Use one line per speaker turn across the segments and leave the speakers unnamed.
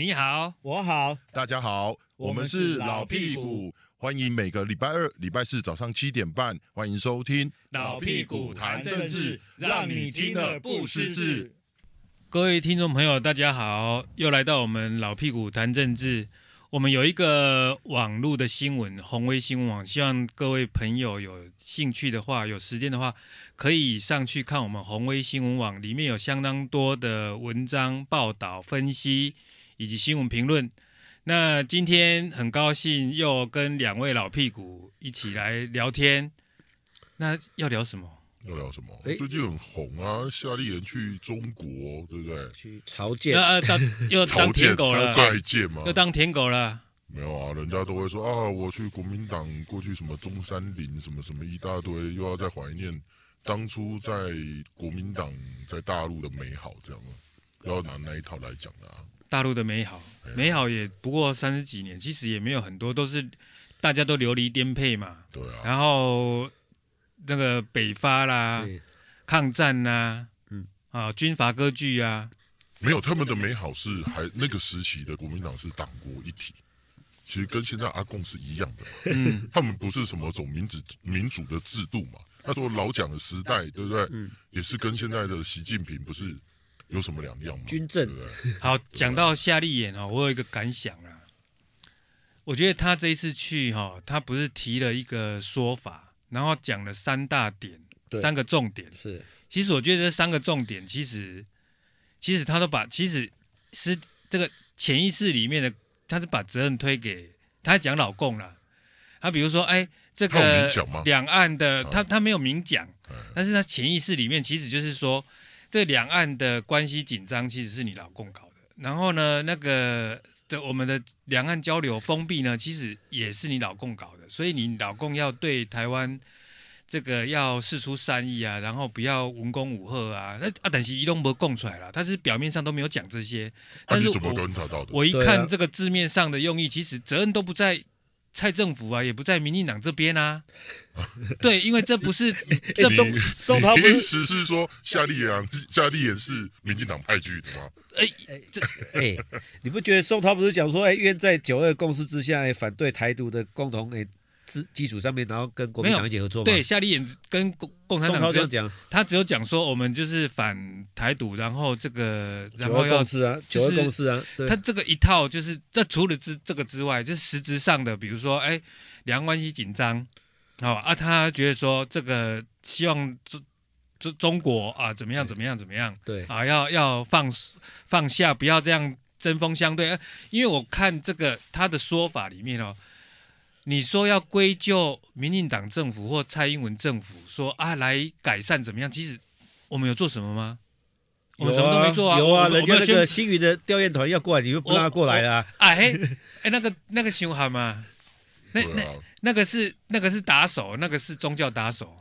你好，我好，大家好，我們是老屁，老屁股，
歡迎每個禮拜二、禮拜四早上七點半，歡迎收聽，老屁,聽老屁股談政治，讓你聽得不失智。
各位聽眾朋友，大家好，又來到我們老屁股談政治。我們有一個網絡的新聞，紘威新聞網，希望各位朋友有興趣的話，有時間的話，可以上去看我們紘威新聞網，裡面有相當多的文章報道分析。以及新聞評論。那今天很高興又跟兩位老屁股一起來聊天。那要聊什麼？
要聊什麼？欸、最近很紅啊，夏立言去中國，對不對？去朝見要當又當舔狗了，再見嘛，又當舔狗了、嗯。沒有啊，人家都會說啊，我去國民黨過去什麼中山陵，什麼什麼一大堆，又要再懷念當初在國民黨在大陸的美好，這樣子，不要拿那一套來講的啊。
大陸的美好，美好也不過三十幾年，其實也沒有很多，都是大家都流離顛沛嘛。對啊。然後那個北伐啦，抗戰吶、啊，嗯，啊，軍閥割據啊。
沒有他們的美好是還那個時期的國民黨是黨國一體，其實跟現在阿共是一樣的。嗯。他們不是什麼種民主民主的制度嘛？他說老蔣的時代，對不對？嗯。也是跟現在的習近平不是。有什麼兩樣嗎？軍政是不
是？好， 講到夏立言哦，我有一個感想啊，我覺得他這一次去哈、哦，他不是提了一個說法，然後講了三大點，三個重點是。其實我覺得這三個重點，其實其實他都把其實是這個潛意識裡面的，他是把責任推給他講老共了。他比如說，哎，這個兩岸的他有明講嗎？他，他沒有明講、嗯，但是他潛意識裡面其實就是說。這兩岸的關係緊張，其實是你老共搞的。然後呢，那個的我們的兩岸交流封閉呢，其實也是你老共搞的。所以你老共要對臺灣這個要釋出善意啊，然後不要文攻武嚇啊。那啊，但是一動波供出來了，他是表面上都沒有講這些，啊、但是我怎麼的我一看這個字面上的用意，其實責任都不在。蔡政府啊，也不在民進黨這邊啊， 對，因為這不是。 欸、這你宋濤不是，遲遲
是說夏立言，夏立言是民進黨派去的嗎？哎 哎、欸，這哎、欸，
你不覺得宋濤不是講說哎，願、欸、在九二共識之下，哎、欸，反對台獨的共同哎？欸
基礎上面，然後跟國民黨結合作對，夏立言跟共共產黨這樣講，他只有講說我們就是反台獨，然後這個，然後要共、就、啊、是，九二共識啊，共識啊。他這個一套，就是在除了之這個之外，就是實質上的，比如說，哎，兩岸關係緊張，好、哦、啊，他覺得說這個希望中中中國啊，怎麼樣，怎麼樣，怎麼樣？對，對啊，要要放放下，不要這樣針鋒相對。因為我看這個他的說法裡面哦。你說要歸咎民進黨政府或蔡英文政府說，說啊來改善怎麼樣？其實我們有做什麼嗎？啊、我們都沒做啊。有啊，人家那個
星雲的調研團要過來，你
就不讓他過來啊嘿、
哎，哎，那個那個小孩嘛，那、啊、那那個是那個是打手，那個是宗教打手。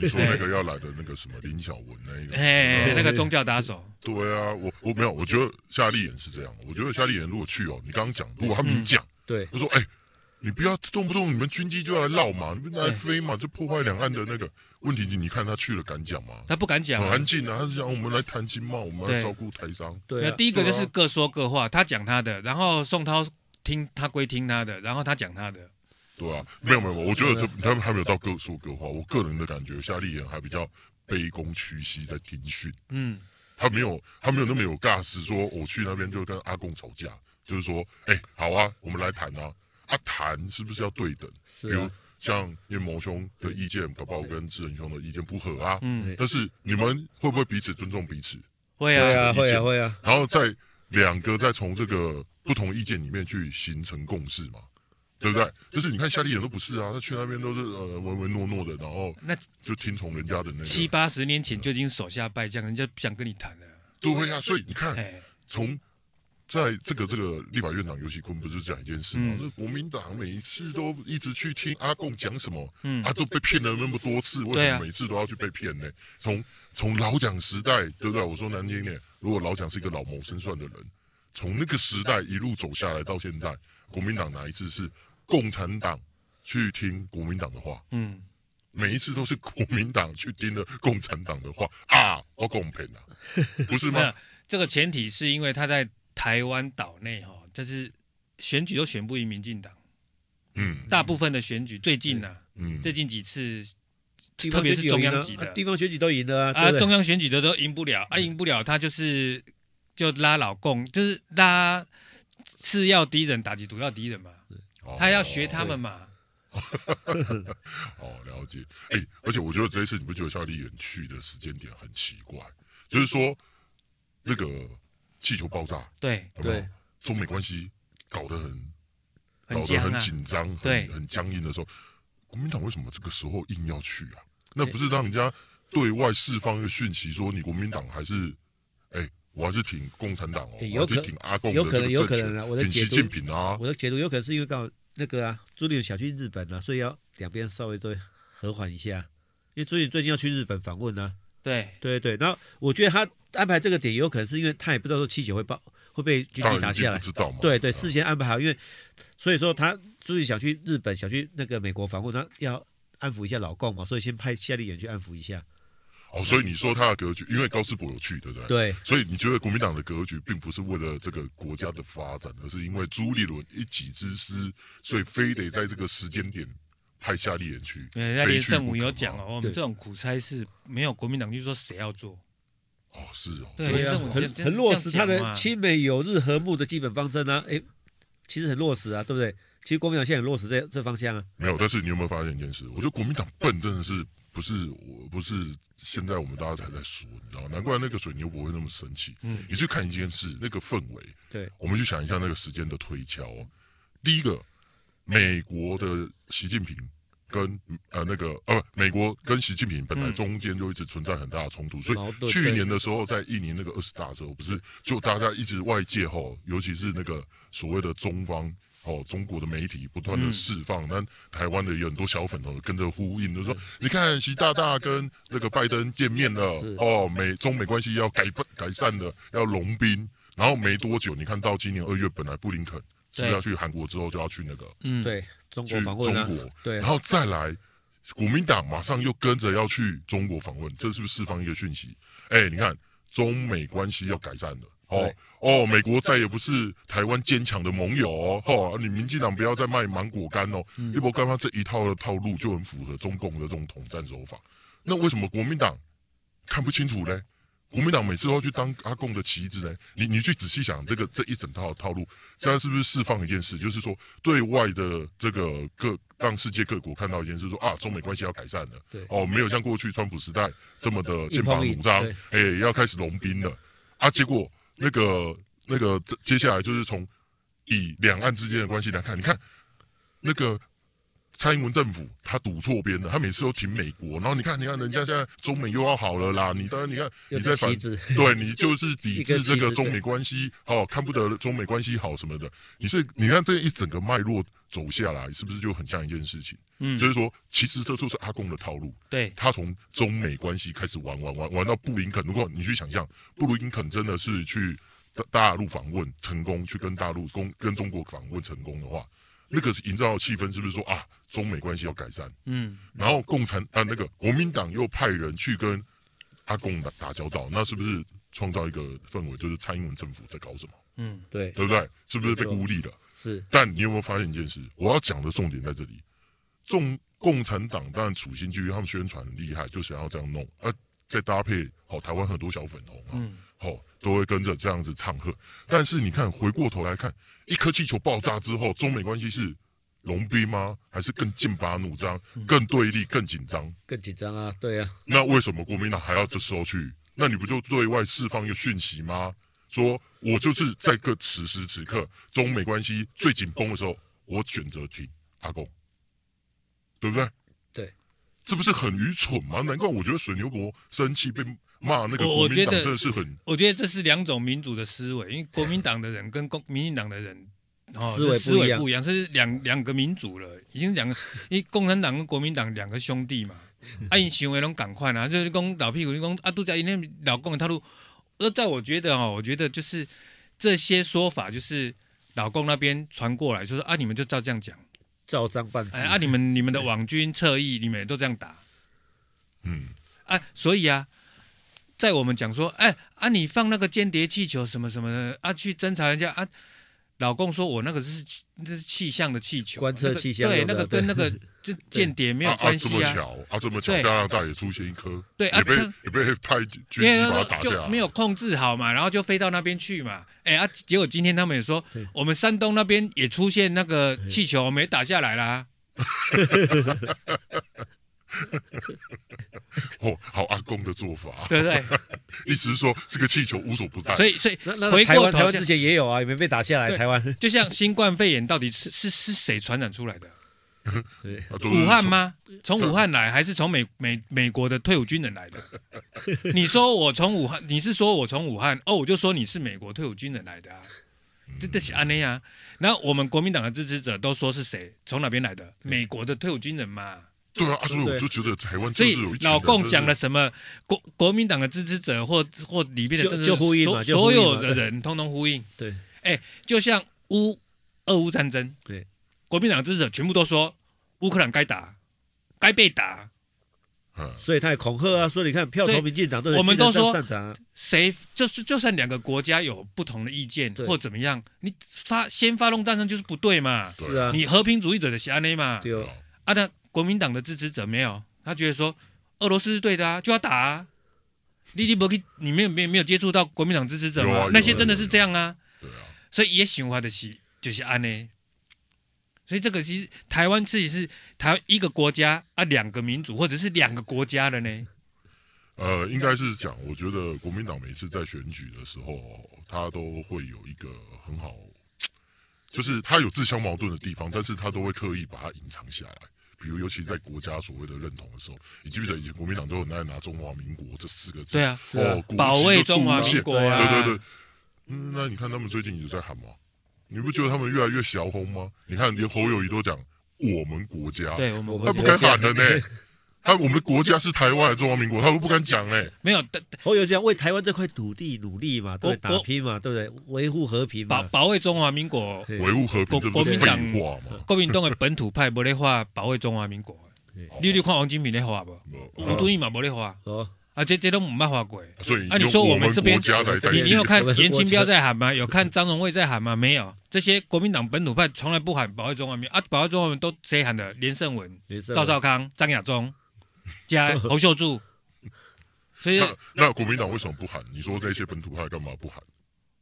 你說那個
要來的那個什麼林小文那個？哎、啊，那個宗教打手。對,對啊，我我沒有，我覺得夏立言是這樣。我覺得夏立言如果去哦，你剛剛講，如果他們講、嗯，對，他說哎。你不要動不動你們軍機就要來鬧嘛，你們來飛嘛，欸、就破壞兩岸的那個問題。你你看他去了敢講嗎？他不敢講、啊，很安靜啊。他是講我們來談經貿，我們來照顧台商。那第一個就是
各說各話，他講他的，然後宋濤聽他歸聽他的，然後他講他的。
對啊，沒有沒有，我覺得這他們還沒有到各說各話。我個人的感覺，夏立言還比較卑躬屈膝在聽訓。嗯，他沒有，他沒有那麼有尬事。說我去那邊就跟阿共吵架，就是說，哎、欸，好啊，我們來談啊。啊，談是不是要對等？啊、比如像燕謀兄的意見，寶寶跟智仁兄的意見不合啊。嗯，但是你們會不會彼此尊重彼此？會啊，會啊，會啊。然後再兩個再從這個不同意見裡面去形成共識嘛對，對不對？就是你看夏立言都不是啊，他去那邊都是呃唯唯諾諾的，然後那就聽從人家的，那個，那七八十年前就已經手下敗將，人家不想跟你談了，都會、啊、所以你看從。在這個這個立法院長游錫堃不是講一件事嗎？嗯？那國民黨每一次都一直去聽阿共講什麼，他、嗯啊、都被騙了那麼多次，為什麼每次都要去被騙呢？啊、從從老蔣時代，對不對？我說難聽點，如果老蔣是一個老謀深算的人，從那個時代一路走下來到現在，國民黨哪一次是共產黨去聽國民黨的話？嗯，每一次都是國民黨去聽了共產黨的話啊，阿共平啊， 不是嗎？
這個前提是因為他在。台灣島內哈，這是選舉都選不贏民進黨，嗯，大部分的選舉最近呢，啊嗯，最近幾次，特別是中央級的，地
方選舉都贏了啊，啊，啊，中央
選舉的都贏不了啊，贏不了他就是就拉老共，就是拉次要敵人，打擊主要敵人嘛，他要學他們嘛，
好， 哦，了解，哎，欸，而且，欸，我覺得這一次你不覺得夏立言去的時間點很奇怪，就是說那個。氣球爆炸，對，有沒有？中美關係搞得很，很搞得很緊張，對，很僵硬的時候，國民黨為什麼這個時候硬要去啊？那不是讓人家對外釋放一個訊息，說你國民黨還是，哎、欸欸欸欸欸，我還是挺共產黨哦，欸、有還是挺阿共，有可能，有可能啊。我的解挺習近平啊，
我的解讀，有可能是因為剛好那個啊，朱立倫想去日本啊，所以要兩邊稍微都和緩一下。因為朱立倫最近要去日本訪問呢、啊。對對對，然後我覺得他安排這個點，有可能是因為他也不知道說氣球會爆，會被軍機打下來，知道嗎？對對，事先安排好，啊、因為所以說他所以想去日本，想去那個美國訪問，他要安撫一下老共嘛，所以先派夏立言去安撫一下。
哦，所以你說他的格局，因為高思博有去，對不對，對？對。所以你覺得國民黨的格局，並不是為了這個國家的發展，而是因為朱立倫一己之私，所以非得在這個時間點。派夏立言去，連勝文有講哦，這種
苦差事沒有國民黨就是說誰要做，
哦是哦，對啊，很很落實他的親
美友日和睦的基本方針呢、啊欸，其實很落實啊，對不對？其實國民黨現在很落實這這方向啊，
沒有，但是你有沒有發現一件事？我覺得國民黨笨真的是不是？我不是現在我們大家才在說，你知道？難怪那個水牛不會那麼神奇。嗯，你去看一件事，那個氛圍，對，我們去想一下那個時間的推敲、啊，第一個。美國的習近平跟呃那個呃美國跟習近平本來中間就一直存在很大的衝突，嗯，所以去年的時候在印尼那個二十大的時候，不是就大家一直外界吼，尤其是那個所謂的中方哦，中國的媒體不斷的釋放，那、嗯、台灣的有很多小粉紅，跟着呼應，就說你看習大大跟那個拜登見面了，哦美中美關係要改改善了，要融冰，然後沒多久你看到今年二月本來布林肯。是要去韓國之後，就要去那個，嗯、對中國訪問，啊中國，然後再來國民黨馬上又跟着要去中國訪問，這是不是釋放一個訊息？哎、欸，你看中美關係要改善了，哦哦，美國再也不是台灣堅強的盟友哦，哦你民進黨不要再賣芒果乾哦，一波幹翻這一套的套路就很符合中共的這種統戰手法。那為什麼國民黨看不清楚嘞？國民黨每次都要去當阿共的棋子呢？你，你你去仔細想這個這一整套的套路，現在是不是釋放一件事，就是說對外的這個各讓世界各國看到一件事，說，啊中美關係要改善了，對對哦沒有像過去川普時代這麼的劍拔弩張，哎要開始融冰了，啊結果那個那個接下來就是從以兩岸之間的關係來看，你看那個。蔡英文政府他賭錯邊了，他每次都挺美國，然後你看，你看人家現在中美又要好了啦，你當然，你看你在反，子對你就是抵制這個中美關係，哦，看不得中美關係好什麼的，你是你看這一整個脈絡走下來，是不是就很像一件事情？嗯，就是說，其實這就是阿共的套路，對他從中美關係開始玩玩玩玩到布林肯，如果你去想象布林肯真的是去大陸訪問成功，去跟大陸共跟中國訪問成功的話。那個是營造的氣氛，是不是說啊，中美關係要改善？嗯，然後共產啊、嗯呃，那個國民黨又派人去跟阿共打打交道，那是不是創造一個氛圍，就是蔡英文政府在搞什麼？嗯，對，對不對？是不是被孤立了？嗯、是。但你有沒有發現一件事？我要講的重點在這裡，中共產黨當然處心積慮，他們宣傳很厲害，就想要這樣弄，啊，再搭配好、哦、台灣很多小粉紅啊，好、嗯哦、都會跟着這樣子唱和。但是你看回過頭來看。一顆氣球爆炸之後，中美關係是融冰嗎？還是更劍拔弩張、更對立、更緊張？
更緊張啊，對啊。
那為什麼國民黨、啊、還要這時候去？那你不就對外釋放一個訊息嗎？說我就是在個此時此刻中美關係最緊繃的時候，我選擇挺阿共，對不對？對，這不是很愚蠢嗎？難怪我覺得水牛國生氣被。我我覺得，
我覺得這是兩種民主的思維，因為國民黨的人跟共、民進黨的人
思維、哦、思維不一
樣，是兩兩個民主了，已經兩個，因為共產黨跟國民黨兩個兄弟嘛， 啊，你想要攏趕快啊，就是講，老屁股，你講，啊，都在一那阿共的套路，那在我覺得啊，我覺得就是這些說法，就是阿共那邊傳過來，就是說啊，你們就照這樣講，照章辦事、哎，啊，你們你們的網軍側翼，你們也都這樣打，
嗯，
啊，所以啊。在我們講說，哎、欸、啊，你放那個間諜氣球什麼什麼的啊去，去偵查人家啊。老公說，我那個是那是氣象的氣球，觀測氣象的、那個，對，那個跟那個間諜沒有關係啊。這麼巧
啊，這麼巧，啊、麼巧加拿大也出現一顆，對啊，也被也被派軍機把它打下來，沒
有控制好嘛，然後就飛到那邊去嘛。哎、欸、啊，結果今天他們也說，我們山東那邊也出現那個氣球，沒打下來啦、啊。
哦，好阿共的做法，對對、對 一直說，意思是說，這個氣球無所不在，所以所以、那個、台，回過頭台灣之前也有啊，也沒被打下來。台灣
就像新冠肺炎到底是是是誰傳染出來的？武漢嗎？從武漢來還是從美美美國的退伍軍人來的？你說我從武漢，你是說我從武漢？哦，我就說你是美國退伍軍人來的啊，真是阿內啊。那、嗯、我們國民黨的支持者都說是誰從哪邊來的？美國的退伍軍人嘛。對啊，所以我就覺得台灣真的有老共講了什麼國國民黨的支持者或或裡面的政治呼應，所，呼應所有的人通通呼應。對，哎、欸，就像烏俄烏戰爭，對，國民黨支持者全部都說烏克蘭該打，該被打。
所以他也恐嚇啊，說你看票投民進黨，我們都說上
誰就是就算兩個國家有不同的意見或怎麼樣，你發先發動戰爭就是不對嘛。是啊，你和平主義者的狹隘嘛。對啊，啊那。國民黨的支持者沒有，他覺得說俄羅斯是對的啊，就要打啊。你你，你沒有、沒、沒有接觸到國民黨支持者嗎、啊？那些真的是這樣啊。對啊，啊，啊，啊。所以也想法的是就是安呢、就是。所以這個其實台灣自己是台灣一個國家啊，兩個民族或者是兩個國家的呢。
呃，應該是講，我覺得國民黨每次在選舉的時候，他都會有一個很好，就是他有自相矛盾的地方，但是他都會刻意把它隱藏起來。比如，尤其在國家所謂的認同的時候，你記不記得以前國民黨都很愛拿“中華民國”這四個字？對啊，啊哦，啊、保衛中華民國啊！對對對、嗯，那你看他們最近一直在喊嘛？你不覺得他們越來越小紅嗎？你看連侯友宜都講我們國家，對我們，我們，他不敢喊的呢。 啊、我們的國家是台灣的中華民國，他都不敢講哎、欸。沒有，我、哦、有
講為台灣這塊土地努力嘛，對不對？打拼嘛，對不對？維護和、和平，保
保衛中華民國。維護和平就是廢話嘛。國民黨的本土派不得話保衛中華民國。你有看王金平的話無？吳敦義嘛無得話，啊這這都唔辦法講。啊你說我們這邊，你有看顏清標在喊嗎？有看張榮味在喊嗎？沒有。這些國民黨本土派從來不喊保衛中華民國，啊保衛中華民都誰喊的？連勝文、趙少康、張亞中。加洪秀
柱，所以 那，那國民黨為什麼不喊？你說這些本土派幹嘛不喊？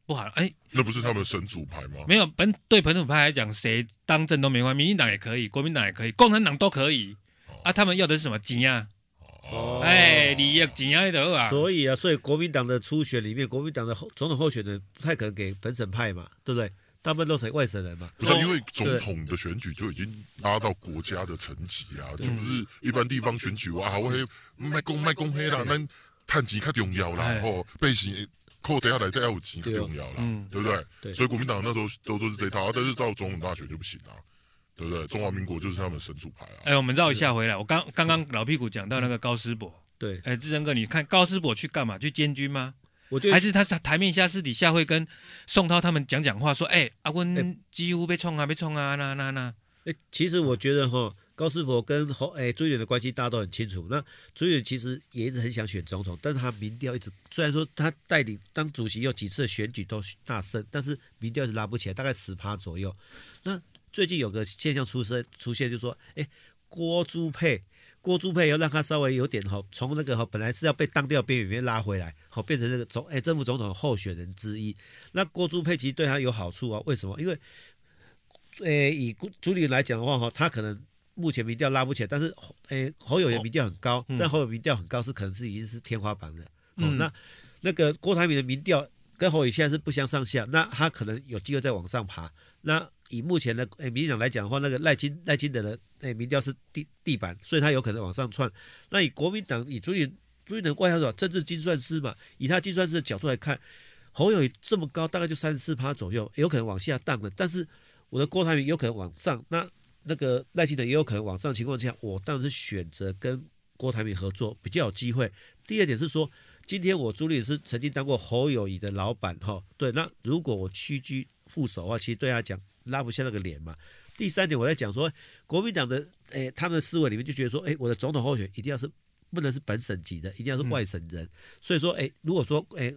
不喊，哎、欸，那不是他們神主牌嗎？沒
有本對本土派來講，誰當政都沒關係，民進黨也可以，國民黨也可以，共產黨都可以、哦、啊。他們要的是什麼錢、啊、哦，哎、欸，你要錢在、啊、的。兒？所以啊，所以
國民黨的初選裡面，國民黨的總統候選人不太可能給本省派嘛，對不對？大部分都是外省人嘛，不是、啊？因為總
統的選舉就已經拉到國家的層級啊、哦，就不是一般地方選舉啊，會賣公賣公黑啦，那趁錢較重要啦，然後背時扣底下來，再要有錢較重要啦，對、嗯、對不對、對？所以國民黨那時候都都是這一套、啊，但是到總統大選就不行了、啊、對不對？中華民國就是他們的神主牌啊。哎、欸，我們繞一
下回來，我剛剛剛老屁股講到那個高思博，對，哎、欸，志成哥，你看高思博去幹嘛？去監軍嗎？我還是他在台面下私底下會跟宋濤他們講講話說，說，哎阿溫幾乎被衝啊被衝啊那那那。哎、欸
啊啊欸，其實我覺得哈高斯博跟侯哎、欸、朱遠的關係大家都很清楚。那朱遠其實也一直很想選總統，但是他民調一直雖然說他帶領當主席有幾次選舉都大勝，但是民調是拉不起來，大概十趴左右。那最近有個現象出生出現，就是說哎、欸、郭朱配。郭朱配要讓他稍微有點好，從那個本來是要被當掉邊緣拉回來，好變成那個總，哎、欸、政府總統候選人之一。那郭朱配其實對他有好處啊？為什麼？因為，哎、欸，以朱立倫來講的話，哈，他可能目前民調拉不起來，但是，哎、欸，侯友宜民調很高，哦嗯，但侯友民調很高是可能是已經是天花板了，嗯。那那個郭台銘的民調跟侯友現在是不相上下，那他可能有機會再往上爬。那以目前的誒、欸，民進黨來講的話，那個賴清賴清德的誒、欸、民調是地地板，所以他有可能往上竄。那以國民黨以朱立朱立倫關教授政治精算師嘛，以他精算師的角度來看，侯友宜這麼高，大概就三十四趴左右，有可能往下盪了。但是我的郭台銘有可能往上，那那個賴清德也有可能往上情況下，我當然是選擇跟郭台銘合作比較有機會。第二點是說，今天我朱立是曾經當過侯友宜的老闆哈，對。那如果我屈居副手的話，其實對他講。拉不下那個臉嘛。第三點，我在講說，國民黨的誒、欸，他們的思維裡面就覺得說，哎、欸，我的總統候選一定要是不能是本省籍的，一定要是外省人。嗯、所以說，哎、欸，如果說，哎、欸，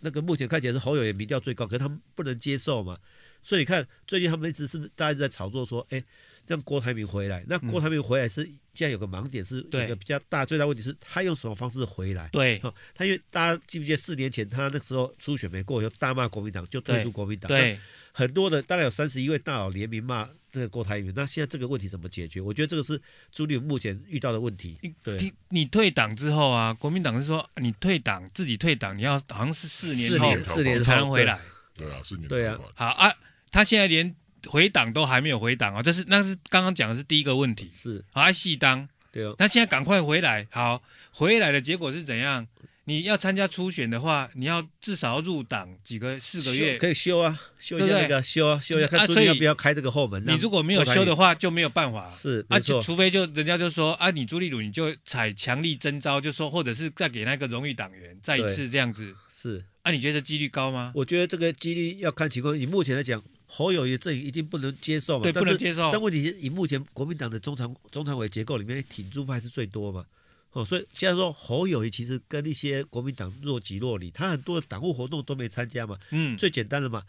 那個目前看起來是侯友宜民調最高，可是他們不能接受嘛。所以你看，最近他們一直是大家一直在炒作說，哎、欸，讓郭台銘回來。那郭台銘回來是，現、嗯、在有個盲點，是有個比較大最大問題是，他用什麼方式回來？對，他因為大家記不記得四年前他那時候初選沒過，就大罵國民黨，就退出國民黨。對。對很多的大概有三十一位大佬聯名罵這個郭台銘，那現在這個問題怎麼解決？我覺得這個是朱立倫目
前遇到的問題。對，你你退黨之後啊，國民黨是說你退黨自己退黨，你要好像是四年四年，四年之後才能回來。
對，對啊，四年
之後。對啊，好啊，他現在連回黨都還沒有回黨哦，這是那是剛剛講的是第一個問題。是，好愛戲當。對哦。那現在趕快回來，好，回來的結果是怎樣？你要參加初選的話，你要至少要入黨幾個四個月，修可以修啊，
修一下那個對對，修啊，修一下看朱立要不要開這個後門。啊、你如果沒有修的
話，就沒有辦法。是啊，除非就人家就說啊，你朱立倫你就採強力徵召，就說或者是再給那個榮譽黨員再一次這樣子。是啊，你覺得幾率高嗎？我覺得這個幾率要看情況。以目
前來講，侯友宜這一定不能接受，對，不能接受。但問題是以目前國民黨的中常中常委結構裡面，挺朱派是最多嘛。哦，所以既然說侯友宜其實跟一些國民黨若即若離，他很多的黨務活動都沒參加嘛。嗯，最簡單的嘛，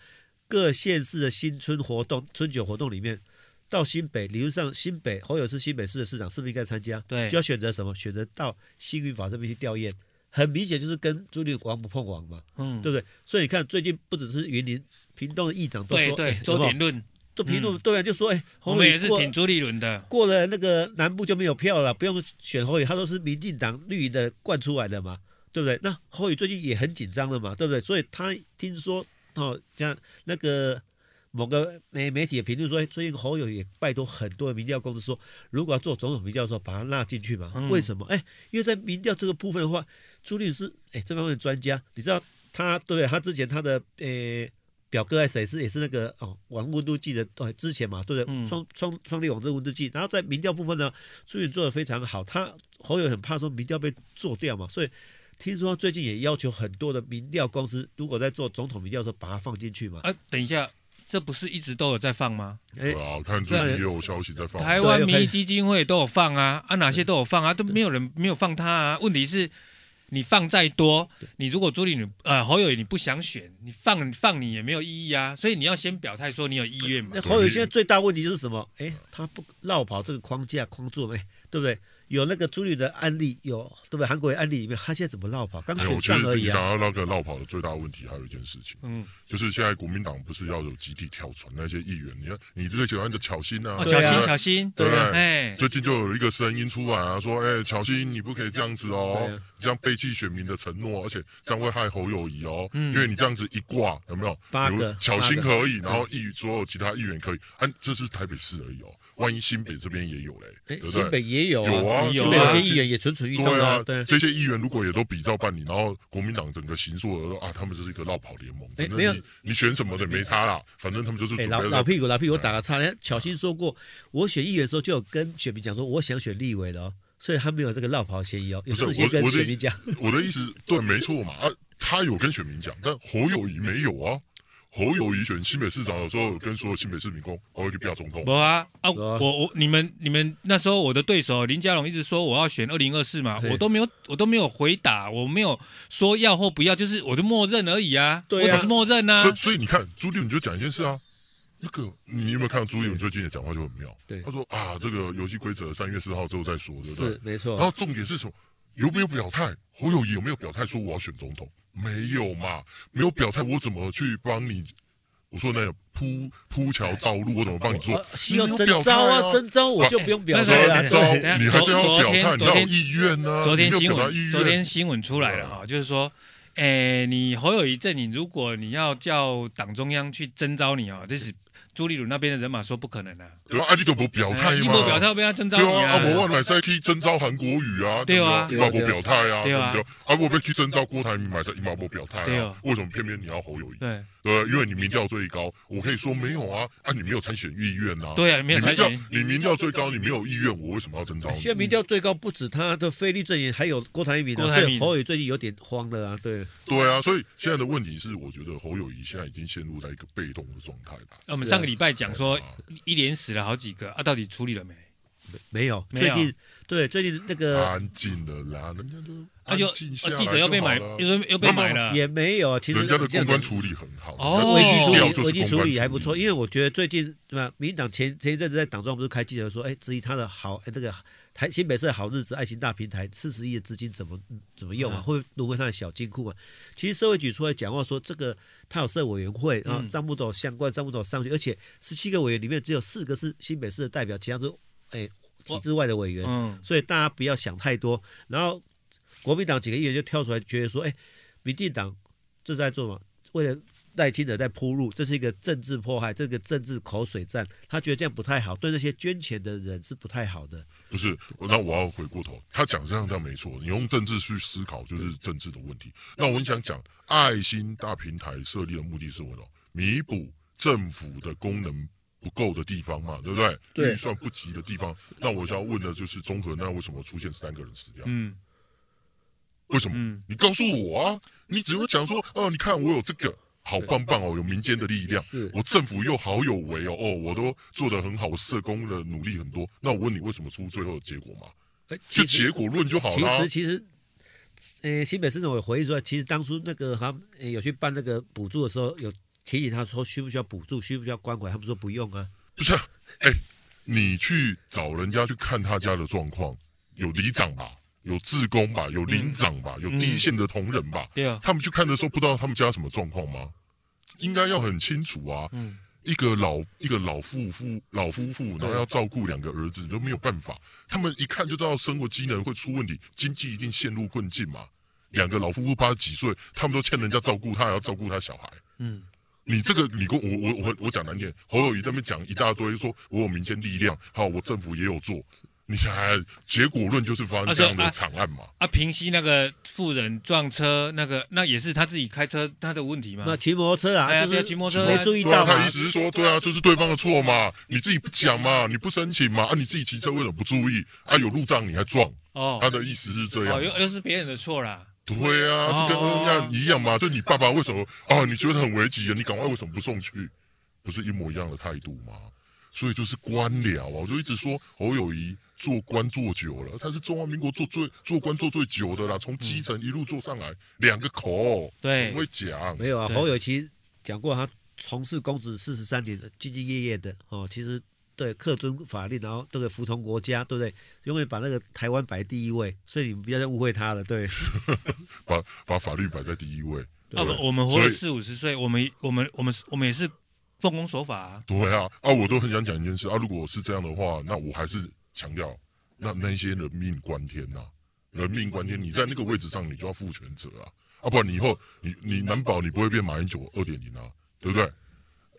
各縣市的新春活動、春酒活動裡面，到新北理論上，新北侯友宜是新北市的市長，是不是應該參加？對，就要選擇什麼？選擇到星雲法師這邊去吊唁，很明顯就是跟朱立倫不碰王嘛。嗯，對不對？所以你看，最近不只是雲林、屏東的議長都說，對，周評論。做評論，對吧、嗯、員就說：“哎，侯友宜也是挺朱立倫的，過了那個南部就沒有票了，不用選侯友宜，他都是民進黨綠營的灌出來的嘛，對不對？那侯友宜最近也很緊張了嘛，對不對？所以他聽說，哦，像那個某個媒媒體的評論說，最近侯友宜也拜托很多民調公司說，如果要做總統民調的時候，把他納進去嘛。嗯、為什麼？哎，因為在民調這個部分的話，朱立倫是哎這方面的專家，你知道他對他之前他的哎表哥也是也是那個哦，玩溫度計的哦，之前嘛，對不對？創創創立溫度計，然後在民調部分呢，蘇雲做的非常好。他侯友宜很怕說民調被做掉嘛，所以聽說最近也要求很多的民調公司，如果在做總統民調的時候把它放進去嘛。
哎、啊，等一下，這不是一直都有在放嗎？
哎、欸，對啊、我看最近也有消息在放、欸，台灣民意
基金會都有放啊，對啊，哪些都有放啊對，都沒有人沒有放他啊？對，問題是？你放再多，你如果朱立倫，你呃，侯友宜，你不想選，你放放你也沒有意義啊，所以你要先表態說你有意願。嘛、呃。侯友現
在最大問題就是什麼？誒、欸，他不繞跑這個框架框住，沒、欸，對不對？有那個朱呂的案例，有對不對？韓國瑜案例裡面，他、啊、現在怎麼落跑？剛選上而已、啊。欸、想
要那個落跑的最大問題，還有一件事情，嗯，就是現在國民黨不是要有集體跳船？那些議員，你看你最喜歡就巧芯吶，巧芯，巧芯，對、啊，哎、啊啊，最近就有一個聲音出來啊，說，哎、欸，巧芯，你不可以這樣子哦，你這樣背棄選民的承諾，而且這樣會害侯友宜哦、嗯，因為你這樣子一掛，有沒有？八個巧芯可以，然後其餘所有其他議員可以，哎、啊，這是台北市而已哦，萬一新北這邊也有嘞，對不對？欸、新北也有、啊，有啊。沒有，沒有些議員也蠢蠢欲動、哦、啊，對這些議員如果也都比照辦理，然後國民黨整個刑訴行數啊，他們就是一個落跑聯盟。哎，沒有，你選什麼的沒差啦，啦，反正他們就是。哎，老老屁股，
老屁股，我、啊、打個岔。岔，巧心說過、啊，我選議員的時候就有跟選民講說，我想選立委的，哦。所以他沒有這個落跑嫌疑哦。有是，我跟選民講，我，我，的我的意思
對，沒錯嘛，啊，他有跟選民講，但侯友宜沒有啊。侯友宜選新北市長，有時候跟所有新北市民侯友宜不要總統。沒有啊啊，啊，我我
你們你們那時候我的對手林佳龍一直說我要選二零二四嘛，我都沒有我都沒有回答，我沒有說要或不
要，就是我就默認而已啊。
對啊，我只是默認啊。啊，
所以所以你看朱立倫就講一件事啊，那個你有沒有看到朱立倫最近的講話就很妙？對，對他說啊，這個遊戲規則三月四號之後再說，對不對？是沒錯。然後重點是什麼？有沒有表態？侯友宜有沒有表態說我要選總統？沒有嘛？沒有表態，我怎麼去幫你？我說那鋪鋪橋造路，我怎麼幫你做？啊、需要
徵召啊，徵召，我就不用表態了、啊啊欸。你還
是要表態、哎，你要你意願呢、啊。昨天新聞，昨天新聞出來了哈、啊嗯，就是說，哎、欸，你侯友宜陣你如果你要叫黨中央去徵召你啊，這是。朱立倫那邊的人馬說不可能啊，
對啊，阿弟都不表態嗎？阿、哎、表態，被他徵召。對啊，阿伯買賽替徵召韓國瑜啊，對啊，阿伯表態啊，阿伯被替徵召郭台銘買賽，阿伯、啊、表態啊,啊，為什麼偏偏你要侯友宜？對、啊，因為你民調最高，我可以說沒有啊，啊，你沒有參選意願吶、啊？對啊，你沒參選，你民調最，最高，你沒有意願，我為什麼要徵召你？現在民調
最高不止他的非利陣營，還有郭台銘啊台，所以侯友宜最近有點慌了啊，對。
對啊，所以現在的問題是，我覺得侯友宜現在已經陷入在一個被動的狀態了。那、啊、我們上個禮
拜講說，一連死了好幾個啊，啊，到底處理了沒？沒有，最近沒
有。對，最近那個安靜的啦，人家就安靜下來就好了、啊、
記者又被買，又又被買
了，也沒有。其實人家的公關處理很好的，哦，危機處理、哦、處理危機處理還不錯。
因為我覺得最近對吧，民進黨前前一陣子在黨中不是開記者說，哎，質疑他的好這、哎那個台新北市的好日子愛心大平台四十億的資金怎麼怎麼用啊、嗯，會淪為他的小金庫啊，其實社會局出來講話說，這個他有設委員會，啊後賬目都相關賬目都上去，而且十七個委員裡面只有四個是新北市的代表，其他都、就是、哎。體制外的委員、嗯，所以大家不要想太多。然後，國民黨幾個議員就跳出來，覺得說：“哎、欸，民進黨這是在做嘛？為了賴清德在鋪路，這是一個政治迫害，這個政治口水戰。”他覺得這樣不太好，對那些捐錢的人是不太好的。
不是，那我要回過頭，他講這樣，但沒錯。你用政治去思考，就是政治的問題。那我想講，愛心大平台設立的目的是為了彌補政府的功能，不夠的地方嘛，對不對？對。預算不齊的地方，那我想要問的就是綜合，那為什麼出現三個人死掉？嗯，為什麼？嗯、你告訴我啊！你只會講說、嗯，哦，你看我有這個好棒棒哦，有民間的力量是，我政府又好有為哦，哦，我都做得很好，我社工的努力很多。那我問你，為什麼出最後的結果嘛？就結果論就好了、啊。其實，其
實，呃，新北市長也回憶說，其實當初那個好像呃，有去辦那個補助的時候有。提醒他說需不需要補助，需不需要關懷？他們說不用啊。
不是、啊，哎、欸，你去找人家去看他家的狀況，有里長吧，有志工吧，有鄰長吧，有第一線的同仁吧、嗯。對啊，他們去看的時候，不知道他們家什麼狀況嗎？應該要很清楚啊。嗯，一個老一個老夫婦老夫婦，然後要照顧兩個兒子、嗯、都沒有辦法。他們一看就知道生活機能會出問題，經濟一定陷入困境嘛。嗯、兩個老夫婦八十幾歲，他們都欠人家照顧他，他還要照顧他小孩。嗯。你這個理工，你跟我我我我講難聽，侯友宜那邊講一大堆，說我有民間力量，好，我政府也有做，你哎，結果論就是發生這樣的慘案嘛
okay, 啊。啊，平溪那個富人撞車，那個那也是他自己開車，他的問題嘛。那騎摩托車啊，啊就是騎摩托車沒注意到。他的意思是
說，對啊，就是對方的錯嘛，你自己不講嘛，你不申請嘛，啊，你自己騎車為什麼不注意？啊，有路障你還撞哦，他的意思是這樣。哦，又
又是別人的錯啦。對啊，哦、就跟恩亞
一樣嘛、哦，就你爸爸為什麼、哦、啊？你覺得很危急啊？你趕快為什麼不送去？不是一模一樣的態度嗎？所以就是官僚啊，我就一直說侯友宜做官做久了，他是中華民國做最做官做最久的啦，從基層一路做上來，兩、嗯、個口對會講沒有啊？侯友宜其實講過他從事公職四十三年的兢兢
業業的哦，其實。對，恪遵法律，然後都得服從國家，對不對？永遠把那個
台灣擺第一位，所以你們不要再誤會他了。對，
把把法律擺在第一位。啊對不對啊，我們活了四
五十歲，我們我們我們我們也是奉公守法、啊。對
啊啊！我都很想講一件事啊！如果是這樣的話，那我還是強調，那那些人命關天吶、啊，人命關天，你在那個位置上，你就要負全責啊！啊，不然你以後你你難保你不會變馬英九二點零啊，對不對？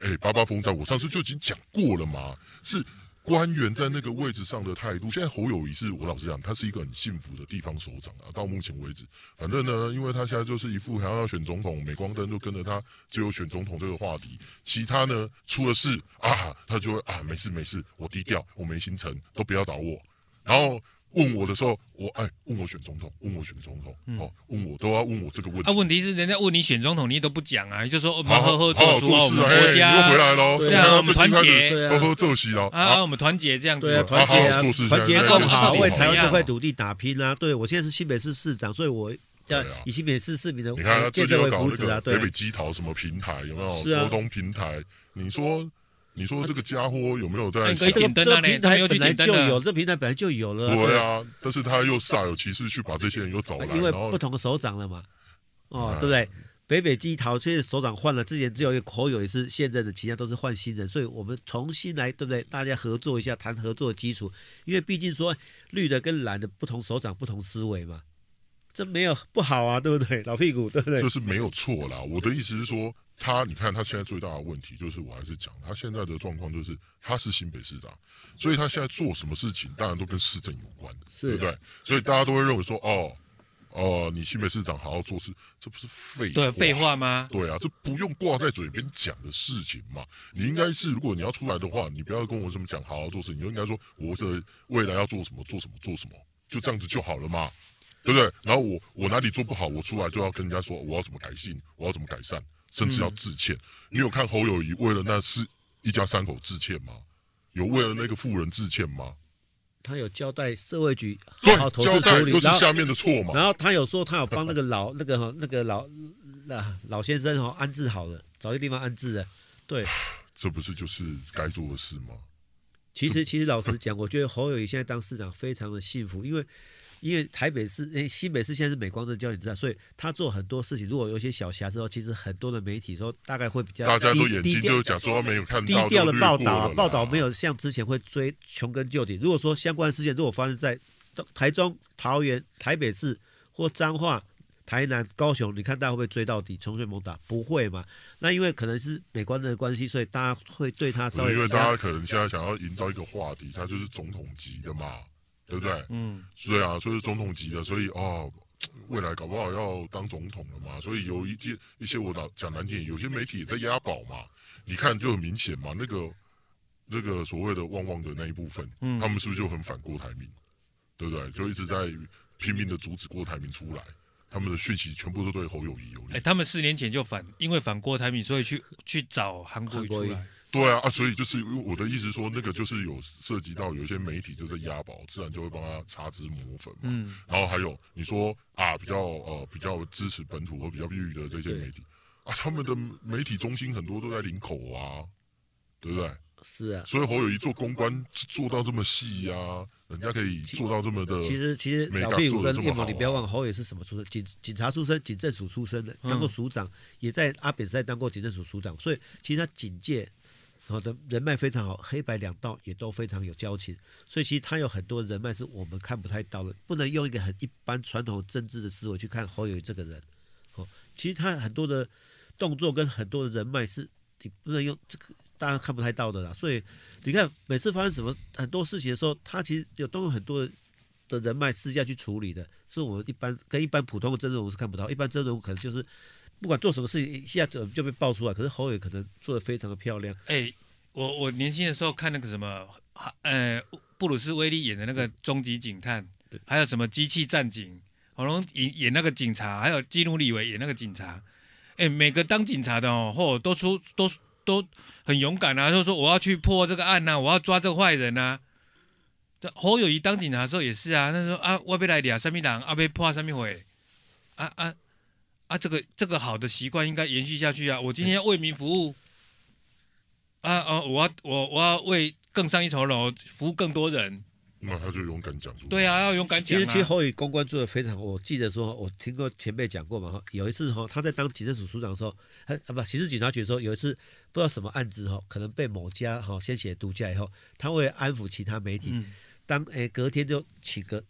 哎、欸，八八風災，我上次就已經講過了嘛，是官員在那個位置上的態度。現在侯友宜是我老實講，他是一個很幸福的地方首長啊，到目前為止，反正呢，因為他現在就是一副還要選總統，鎂光燈就跟着他，只有選總統這個話題，其他呢，出了事啊，他就會啊，沒事沒事，我低調，我沒行程，都不要找我，然後。問我的時候，我哎，問我選總統，問我選總統，好、嗯哦，問我都要問我這個問題。那、啊、問題
是人家問你選總統，你都不講啊，就說我們呵呵、啊、好、啊、好好做事、啊，哦、我們國家又、啊哎、回來了，對啊，我們團結，好好做事啊，啊，我、啊、們、啊啊啊啊、團結這樣子，對啊，團結，啊、團結更、啊、好，好，好，為台灣這塊
土地打拼啊。對我現在是新北市市長，所以我要、啊啊、以新北市市民的，你看，最近又搞那個北北
基桃什麼平台，有沒有普通平台？你說。你說這個家伙有沒有在、啊啊。這個這個、平台本來就有，這平台本來就有了。對啊，但是他又煞有其事去把這些人又找來、啊，因為不同
的首長了嘛、
啊。哦，對不對？
北北基桃，最近首長換了，之前只有一個口友宜也是現任的，其他都是換新人，所以我們重新來，對不對？大家合作一下，談合作的基礎，因為畢竟說綠的跟
藍的不同首長、不同思維嘛，這沒有不好啊，對不對？老屁股，對不對？這是沒有錯啦。我的意思是說。他，你看他現在最大的問題就是，我還是講他現在的狀況，就是他是新北市長，所以他現在做什麼事情，當然都跟市政有關的，的對不對？所以大家都會認為說，哦，哦、呃，你新北市長好好做事，這不是廢話？對，廢話嗎？對啊，這不用掛在嘴邊講的事情嘛。你應該是，如果你要出來的話，你不要跟我這麼講，好好做事，你就應該說我的未來要做什麼，做什麼，做什麼，就這樣子就好了嘛，對不對？然後我我哪裡做不好，我出來就要跟人家說，我要怎麼改進，我要怎麼改善。甚至要致歉。嗯，你有看侯友宜為了那是一家三口致歉嗎？有為了那個富人致歉嗎？
他有交代社會局
好好投資，就是下面的錯嘛，然，
然後他有說他有幫那個老那個 那個老老老先生、哦、安置好了，找一個地方安置了。
對，這不是就是
該做的事嗎？其實其實老實講， 我覺得侯友宜現在當市長非常的幸福，因為。因為台北市，哎，新北市現在是美光的焦點之戰，所以他做很多事情，如果有一些小瑕疵，其實很多的媒體說大概會比較低大家都眼睛就是假裝他沒有看到低調的報道，報道沒有像之前會追窮根究底。如果說相關事件如果發生在台中、桃園、台北市或彰化、台南、高雄，你看大家會不會追到底、窮追猛打？不會嘛？那因為可能是美光正的關係，所以大家會對他稍微因為大家可能現在想
要營造一個話題，它就是總統級的嘛。對不對？嗯，對啊，所以總統級的，所以哦，未來搞不好要當總統了嘛，所以有一些一些我講講難聽點，有些媒體也在押寶嘛，你看就很明顯嘛，那個那個所謂的旺旺的那一部分、嗯，他們是不是就很反郭台銘？對不對？就一直在拼命的阻止郭台銘出來，他們的訊息全部都對侯友宜
有利。哎，他們四年前就反，因為反郭台銘，所以去去找韓國瑜出來。
對啊，啊，所以就是我的意思說，那個就是有涉及到有一些媒體就是押寶，自然就會幫他擦脂抹粉嘛、嗯。然後還有你說啊，比較呃比較支持本土和比較粵語的這些媒體啊，他們的媒體中心很多都在林口啊，對不對？是啊。所以侯友宜做公關做到這麼細啊，人家可以做到這麼的這麼、啊。其實其實老侯跟葉某，你不要
忘侯友是什麼出身，警警察出身，警政署出身的，當過署長，嗯、也在阿扁時代當過警政署署長，所以其實他警界好的人脈非常好，黑白兩道也都非常有交情，所以其實他有很多人脈是我們看不太到的，不能用一個很一般傳統政治的思維去看侯友宜這個人。哦，其實他很多的動作跟很多的人脈是，你不能用這個當然看不太到的啦。所以你看每次發生什麼很多事情的時候，他其實有都有很多的人脈私下去處理的，所以我們一般跟一般普通的政客，我是看不到，一般政客可能就是。不管做什麼事情，一下子就被爆出來。可是侯友宜可能做得非常的漂亮。
哎、欸，我我年輕的時候看那個什麼，呃，布魯斯威利演的那個《終極警探》，還有什麼《機器戰警》，黃龍演演那個警察，還有基努李維演那個警察。哎、欸，每個當警察的哦、喔，嚯，都出都都很勇敢啊！就是說我要去破這個案吶、啊，我要抓這個壞人吶、啊。侯友宜當警察的時候也是啊，那時候啊，外面來點什麼人，阿、啊、被破什麼火，啊啊。啊，這個這個好的習慣應該延續下去啊！我今天要為民服務，欸、啊啊，我我我要為更上一層樓，服務更多人。
那他就勇敢講出來。
對啊，要勇敢講、啊。其實，其實侯友宜公關做得非常。我記得說，我聽過前輩講過嘛，有一次哈，他在當警察署署長的時候，他啊不，刑事警察局的時候，有一次不知道什麼案子哈，可能被某家哈先寫獨家以後，他會安撫其他媒體。嗯、當誒、欸、隔天就請個。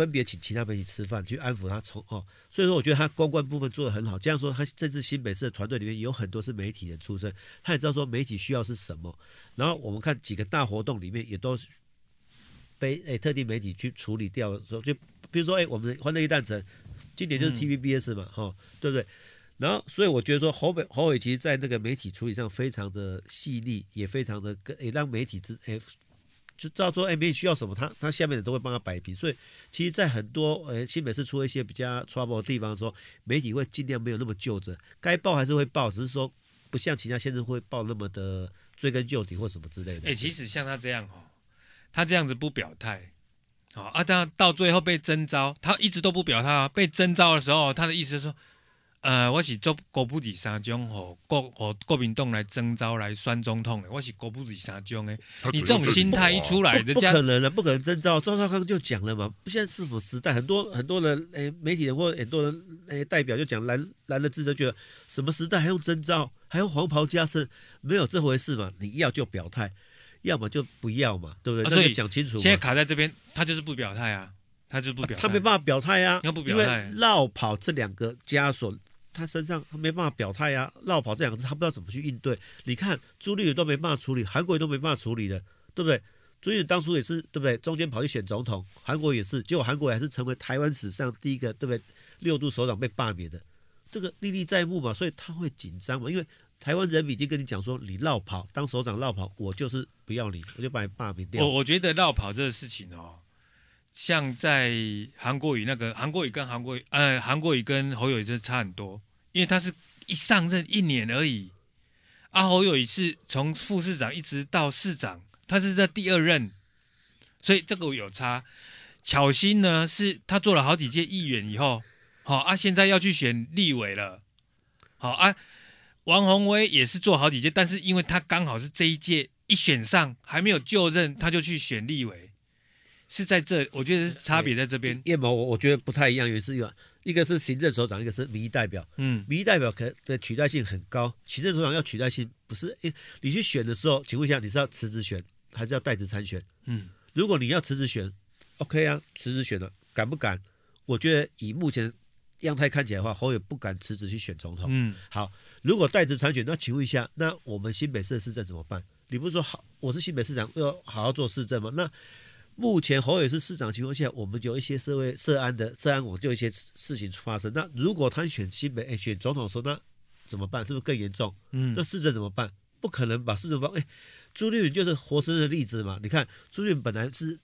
分別請其他媒體吃飯，去安撫他。從哦，所以說我覺得他公關部分做得很好。這樣說，他這次新北市的團隊裡面有很多是媒體的出身，他也知道說媒體需要是什麼。然後我們看幾個大活動裡面也都是被哎、欸、特定媒體去處理掉的時候，就比如說哎、欸，我們歡樂耶誕城今年就是 TVBS 嘛，哈、嗯哦，對不對？然後所以我覺得說侯北侯偉其實在那個媒體處理上非常的細膩，也非常的跟也、欸、讓媒體之哎。欸就知道說，哎、欸，媒體需要什麼，他他下面的都會幫他擺平。所以，其實，在很多哎、欸，新聞是出一些比較 trouble 的地方的時候，說媒體會儘量沒有那麼揪着，該報還是會報，只是說不像其他先生會報那麼的追根究底或什麼之類的。
哎、欸，其實像他這樣哦，他這樣子不表態，好啊，但到最後被徵召，他一直都不表態，被徵召的時候，他的意思是說。呃，我是做國不治三將吼，國和國民黨來徵召來選總統的，我是國不治三將的、啊。你這種心態一出來，這不，不，不可能了，不可能
徵召。趙少康就講了嘛，現在是不時代？很多很多人誒、欸，媒體人或、欸、很多人那、欸、代表就講來了之後就覺得，什麼時代還用徵召，還用黃袍加身？沒有這回事嘛？你要就表態，要麼就不要嘛，對不對？啊、所以那就講清楚嘛。現在
卡在這邊，他就是不表態啊，他就不表、啊，他沒
辦法表態啊，他不表，因為落跑這兩個枷鎖。他身上他沒辦法表態啊，落跑這兩個字他不知道怎麼去應對。你看，朱立倫都沒辦法處理，韓國都沒辦法處理的，對不對？朱立倫當初也是對不對？中間跑去選總統，韓國也是，結果韓國還是成為台灣史上第一個對不對？六都首長被罷免的，這個歷歷在目嘛，所以他會緊張嘛，因為台灣人民已經跟你講說，你落跑當首長落跑，我就是不要你，我就把你罷免掉。我我
覺得落跑這個事情哦。像在韓國瑜那個韓國瑜跟韓國瑜，呃，韓國瑜跟侯友宜真的差很多，因為他是一上任一年而已。阿、啊、侯友宜是從副市長一直到市長，他是在第二任，所以這個有差。巧芯呢是他做了好幾屆議員以後，好、哦、啊，現在要去選立委了。好、哦、啊，王鴻薇也是做好幾屆，但是因為他剛好是這一屆一選上還沒有就任，他就去選立委。是在這裡，我覺得是差別在
這邊。葉、欸、某，我我覺得不太一樣，也是有，一個是行政首長，一個是民意代表。嗯，民意代表可的取代性很高，行政首長要取代性不是、欸？你去選的時候，請問一下，你是要辭職選，還是要帶職參選？嗯，如果你要辭職選，OK 啊，辭職選了，敢不敢？我覺得以目前樣態看起來的話，侯也不敢辭職去選總統。嗯，好，如果帶職參選，那請問一下，那我們新北市的市政怎麼辦？你不是說好，我是新北市長，要好好做市政嗎？那目前侯也是市長情況下，我們有一些社會社安的社安網就一些事情發生。那如果他選新北，哎、欸，選總統的時候，那怎麼辦？是不是更嚴重？嗯，那市政怎麼辦？不可能把市政方哎、欸，朱立倫，就是活生生的例子嘛。你看朱立倫本來是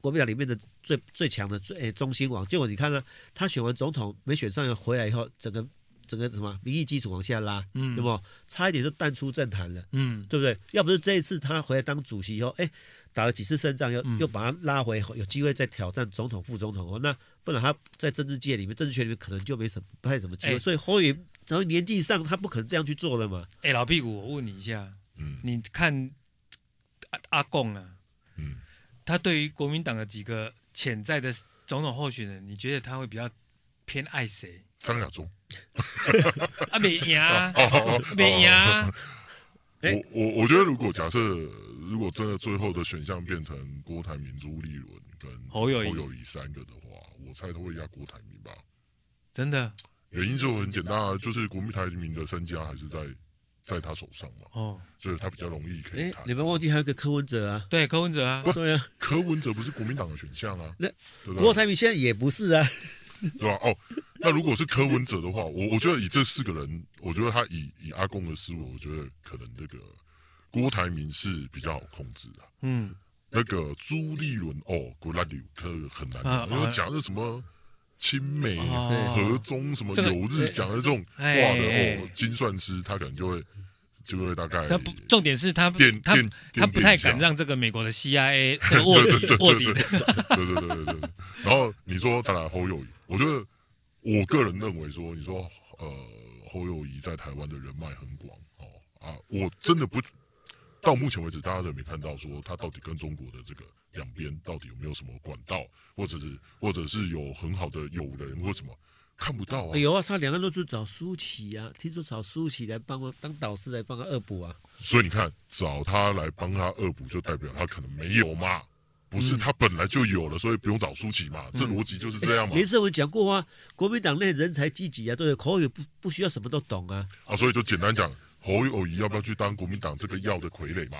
國民黨裡面的最最強的最、欸、中心網，結果你看呢，他選完總統沒選上要回來以後，整個整個什麼民意基礎往下拉，嗯，有沒有？差一點就淡出政壇了，嗯，對不對？要不是這一次他回來當主席以後，哎、欸。打了幾次勝仗，又又把他拉回後，有機會再挑戰總統、副總統那不然他在政治界裡面、政治圈裡面可能就沒什麼不太什麼機會、欸、所以侯友，然後年紀上他不可能這樣去做了嘛。
哎、欸，老屁股，我問你一下，嗯，你看阿阿共啊，嗯，他對於國民黨的幾個潛在的總統候選人，你覺得他會比較偏愛誰？
三秒鐘，
阿美贏，美贏。哦
哦哦欸、我我我覺得，如果假設如果真的最後的選項變成郭台銘、朱立倫跟侯友宜三個的話，我猜都會押郭台銘吧。真的，原因就很簡單啊，就是國民台銘的身家還是在在他手上嘛。哦，所以他比較容易可以。以、欸、你們忘記還有一個柯文哲啊？對，柯文哲啊，啊對啊，柯文哲不是國民黨的選項啊？那 郭台銘現在也不是啊。對吧？哦，那如果是柯文哲的話，我我覺得以這四個人，我覺得他以以阿共的思維，我覺得可能這個郭台銘是比較好控制的。嗯，那個、那個、朱立倫哦，古拉里克很難，因為講的什麼親美、和中什麼友日，講的、哦有這個、講的這種話、哎、的哦，精算師他可能就會就會大概。他不，重點是他點他他，他不太敢讓這個美國的 CIA，國的 CIA 臥底臥 對對對對對。然後你說他來侯友宜。我覺得，我個人認為說，你說，呃，侯友宜在台灣的人脈很廣，哦，啊，我真的不，到目前為止，大家都沒看到說他到底跟中國的這個兩邊到底有沒有什麼管道，或者是，或者是有很好的友人，或什麼看不到啊？
有、哎、啊，他兩個都去找蘇起啊，聽說找蘇起來幫我，當導師來幫他惡補啊。
所以你看，找他來幫他惡補，就代表他可能沒有嘛。不是他本來就有了，所以不用找書籍嘛，嗯，這邏輯就是這樣嘛。連勝
文講過啊，國民黨內人才濟濟啊，對不對？侯友宜不不需要什麼都
懂啊。啊，所以就簡單講，侯友宜要不要去當國民黨這個要的傀儡嘛？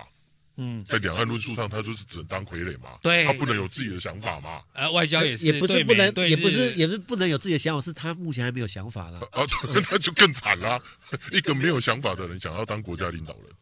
嗯，在兩岸論述上，他就是只能當傀儡嘛。對，他不能有自己的想法嘛。啊，呃，外交也是，呃、也不是不能，也不是也不是，是，也
不，是也不能有自己的想法，是他目前還沒有想法了，
啊。啊，那就更慘了，啊嗯，一個沒有想法的人想要當國家領導人。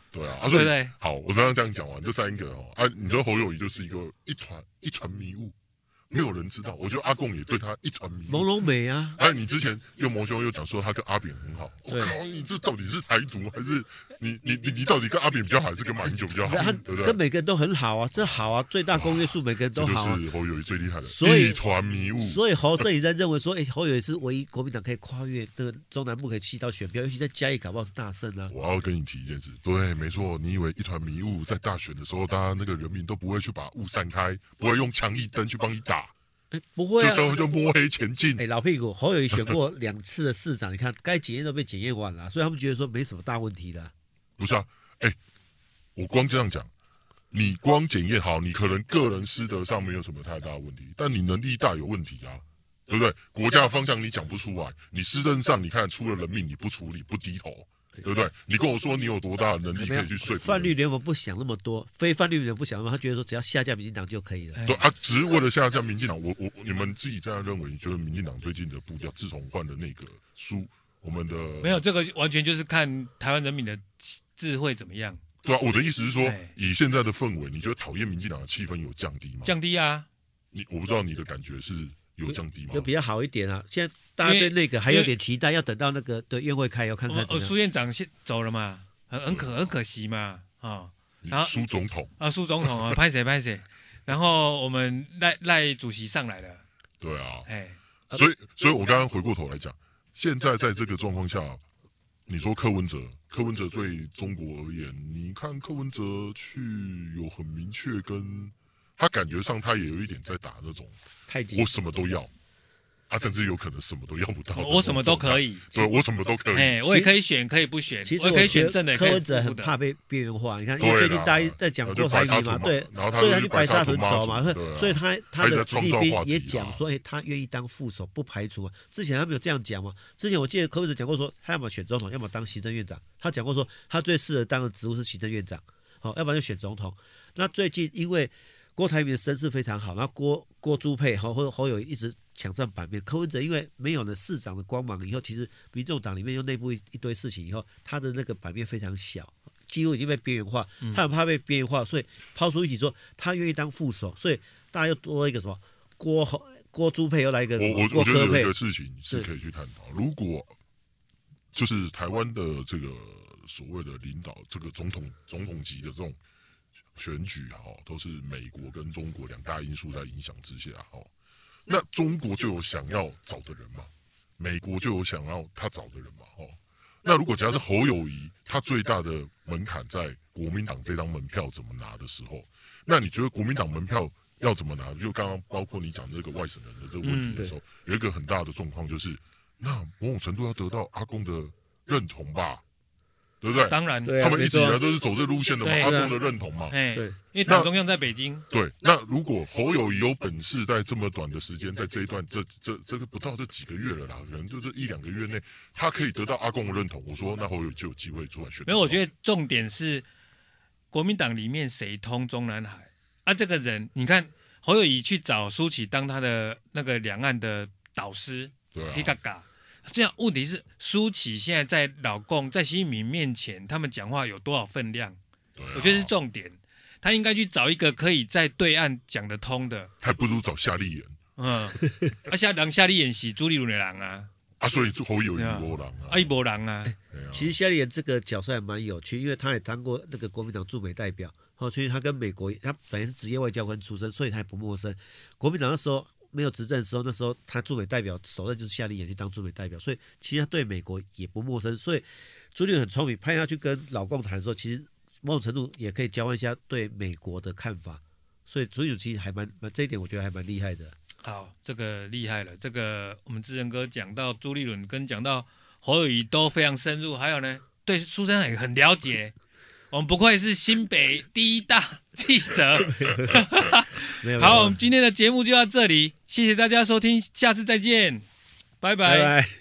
對啊，他、啊、說，
好，我剛剛這樣講完、啊、這三個哦、啊嗯，啊，你說侯友宜就是一個、嗯、一團一團迷霧。沒有人知道，我覺得阿共也對他一團朦朧美啊！哎，你之前又魔兄又講說他跟阿扁很好。我靠，oh、God，你這到底是台獨還是你你你你到底跟阿扁比較好還是跟馬英九比較好？跟每個人都很好啊，這好啊，
最大公約數每個人都好，啊。啊，這就是侯友宜
最厲害的，所以一團迷霧。所
以侯最也在認為說，哎，欸，侯友宜是唯一國民黨可以跨越的中南部可以吸到選票，尤其在嘉義搞不好是大勝啊！
我要跟你提一件事，對，沒錯，你以為一團迷霧在大選的時候，大家那個人民都不會去把霧散開，不會用強力燈去幫你打。
欸、不會、啊，就就摸黑前進。哎，老屁股侯友宜選過兩次的市長， 你看該檢驗都被檢驗完了，所以他們覺得說沒
什麼大問題的、啊。不是啊，哎、欸，我光這樣講，你光檢驗好，你可能個人私德上沒有什麼太大的問題，但你能力大有問題啊，對不對？國家的方向你講不出來，你市政上你看出了人命你不處理不低頭。對不對、啊？你跟我說你有多大能力可以去說服泛、啊、綠聯盟？不想那麼多，非泛綠聯盟不
想那麼多。他覺得說只要下架民進黨就可以了。欸、對
啊，只是為了下架民進黨。我我你們自己這樣認為，你覺得民進黨最近的步調，自從換了那個書，我們的、嗯、沒
有這個完全就是看台灣人民的智慧怎麼樣。對啊，我的意思是說，
以現在的氛圍，你覺得討厭民進黨的氣氛有降低嗎？降低啊！你我不知道你的感覺是。有降低嗎？就比較好一點啊！現在大家對那個還有點
期待，要等到那個的院會開，要看看怎麼。蘇
院長先走了嘛，很很可、啊、很可惜嘛，啊、哦，然後蘇總統啊，蘇總統啊、哦，拍誰拍誰？然後我們賴賴主席上來了。對啊。哎、欸，所以
所以，我剛剛回過頭來講，現在在這個狀況下，你說柯文哲，柯文哲對中國而言，你看柯文哲去有很明確跟。他感覺上，他也有一點在打的那種太極，我什麼都要，啊，甚至有可能什麼都要不到。我什麼都可以，對，我什麼都可以。哎、欸，我也可
以選，可以不選。
其實，其實我覺得柯文哲很怕被邊緣化。你看，因為最近大家在講坐台妹嘛，對，對，所以他就白沙屯走嘛，啊。所以他他的子弟兵也講說，哎、欸，他願意當副手，不排除嘛，啊。之前他沒有這樣講嘛。之前我記得柯文哲講過說，他要麼選總統，要麼當行政院長。他講過說，他最適合當的職務是行政院長。好、哦，要不然就選總統。那最近因為。郭台銘的聲勢非常好，然後郭郭朱配和侯侯友一直搶佔版面。柯文哲因為沒有了市長的光芒以後，其實民眾黨裡面又內部一,一堆事情以後，他的那個版面非常小，幾乎已經被邊緣化。嗯、他很怕被邊緣化，所以拋出一起說他願意當副手，所以大家又多了一個什麼郭郭朱配又來一個。我我覺得有一個事情是可
以去探討，如果就是台灣的這個所謂的領導，這個總統總統級的這種。選舉哈、哦，都是美國跟中國兩大因素在影響之下哈、哦，那中國就有想要找的人嘛？美國就有想要他找的人嘛？哈、哦，那如果假如是侯友宜，他最大的門檻在國民黨這張門票怎麼拿的時候，那你覺得國民黨門票要怎麼拿？就剛剛包括你講這個外省人的這個問題的時候、嗯，有一個很大的狀況就是，那某種程度要得到阿公的認同吧？對不對？當然，他們一直以來都是走這路線的嘛，阿公的認同嘛。對，對對，因為黨中央在北京。對，那如果侯友宜有本事，在這麼短的時間，在這一段這這這個不到這幾個月了啦，可能就是一兩個月內，他可以得到阿公的認同。我說，那侯友就有機會出來選擇。沒有，我
覺得重點是國民黨裡面誰通中南海啊？這個人，你看侯友宜去找蘇起當他的那個兩岸的導師，對、啊，嘎嘎。這樣問題是，舒淇現在在老公在習近平面前，他們講話有多少分量，
啊？我
覺得是重點。他應該去找一個可以在對岸講得通的，
還不如找夏立言。
嗯，而、 啊、夏，夏立言是朱立倫的人，啊， 啊，人
啊，啊。啊，所以侯友宜
啊，一波浪啊。其實夏立言
這個角色還蠻有趣，因為他也當過那個國民黨駐美代表，哦，所以他跟美國他本來是職業外交官出身，所以他也不陌生。國民黨的時候。沒有執政的時候，那時候他駐美代表，首任就是夏立言去當駐美代表，所以其實他對美國也不陌生。所以朱立倫很聰明，派他去跟老共談的時候，其實某種程度也可以交換一下對美國的看法。所以朱立倫其實還蠻蠻這一點，我覺得還蠻厲害的。
好，這個厲害了。這個我們智仁哥講到朱立倫，跟講到侯友宜都非常深入。還有呢，對蘇貞昌很了解。 我們不愧是新北第一大記者。 好，我們今天的節目就到這裡，謝謝大家收聽，下次再見，拜拜。拜拜。